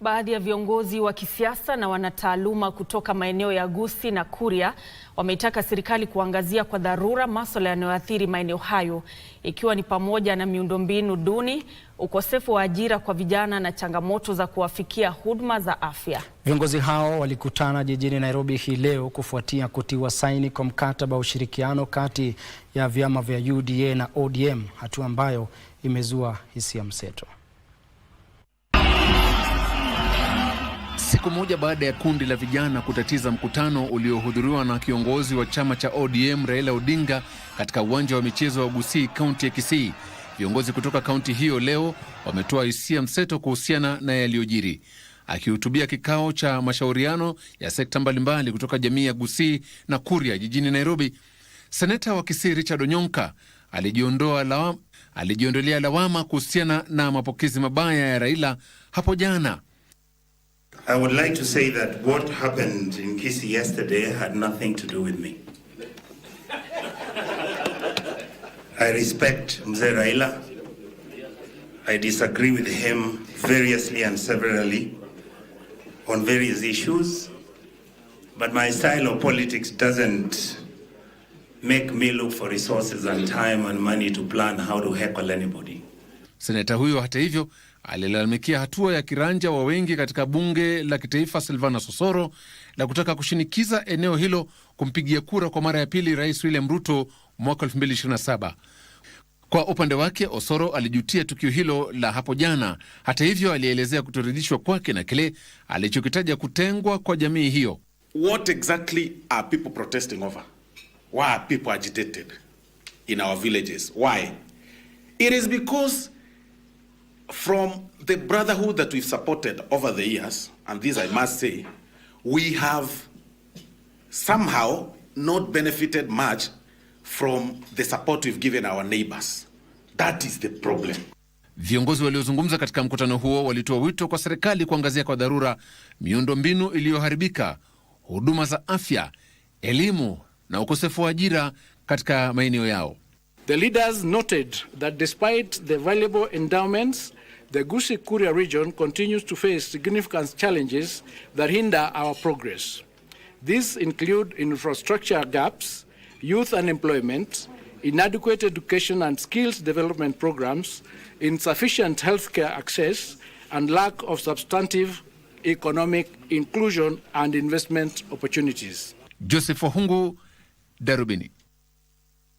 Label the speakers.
Speaker 1: Baadhi ya viongozi wa kisiasa na wanataaluma kutoka maeneo ya Gusii na Kuria wameitaka serikali kuangazia kwa dharura masuala yanayoathiri maeneo hayo ikiwa ni pamoja na miundombinu duni, ukosefu wa ajira kwa vijana na changamoto za kuwafikia huduma za afya.
Speaker 2: Viongozi hao walikutana jijini Nairobi hii leo kufuatia kutiwa saini kwa mkataba wa ushirikiano kati ya vyama vya UDA na ODM, hatua ambayo imezua hisia mseto. Siku moja baada ya kundi la vijana kutatiza mkutano uliohudhuriwa na kiongozi wa chama cha ODM Raila Odinga katika uwanja wa michezo wa Gusii, kaunti ya Kisii, viongozi kutoka kaunti hiyo leo wametoa hisia mseto kuhusiana na yaliyojiri. Akihutubia kikao cha mashauriano ya sekta mbalimbali kutoka jamii ya Gusii na Kuria jijini Nairobi, seneta wa Kisii Richard Onyonka alijiondoa lawama, alijiondolea lawama kuhusiana na mapokezi mabaya ya Raila hapo jana
Speaker 3: I would like to say that what happened in Kisi yesterday had nothing to do with me. I respect Mzee Raila. I disagree with him variously and severally on various issues, but my style of politics doesn't make me look for resources and time and money to plan how to heckle anybody.
Speaker 2: Seneta huyo hata hivyo alilalamikia hatua ya kiranja wa wengi katika bunge la kitaifa Silvana Sosoro la kutaka kushinikiza eneo hilo kumpigia kura kwa mara ya pili Rais William Ruto mwaka 2027. Kwa upande wake Osoro alijutia tukio hilo la hapo jana. Hata hivyo, alielezea kutoridhishwa kwake na kile alichokitaja kutengwa kwa jamii hiyo.
Speaker 4: What exactly are people protesting over? Why are people agitated in our villages? Why? It is because from the brotherhood that we've supported over the years, and this I must say, we have somehow not benefited much from the support we've given our neighbors. That is the problem.
Speaker 2: Viongozi waliozungumza katika mkutano huo walitoa wito kwa serikali kuangazia kwa dharura miundo mbinu iliyoharibika, huduma za afya, elimu na ukosefu wa ajira katika maeneo yao.
Speaker 5: The leaders noted that despite the valuable endowments the gusi Kuria region continues to face significant challenges that hinder our progress. These include infrastructure gaps, youth unemployment, inadequate education and skills development programs, insufficient healthcare access, and lack of substantive economic inclusion and investment opportunities.
Speaker 2: Joseph Ohungu, Darubini.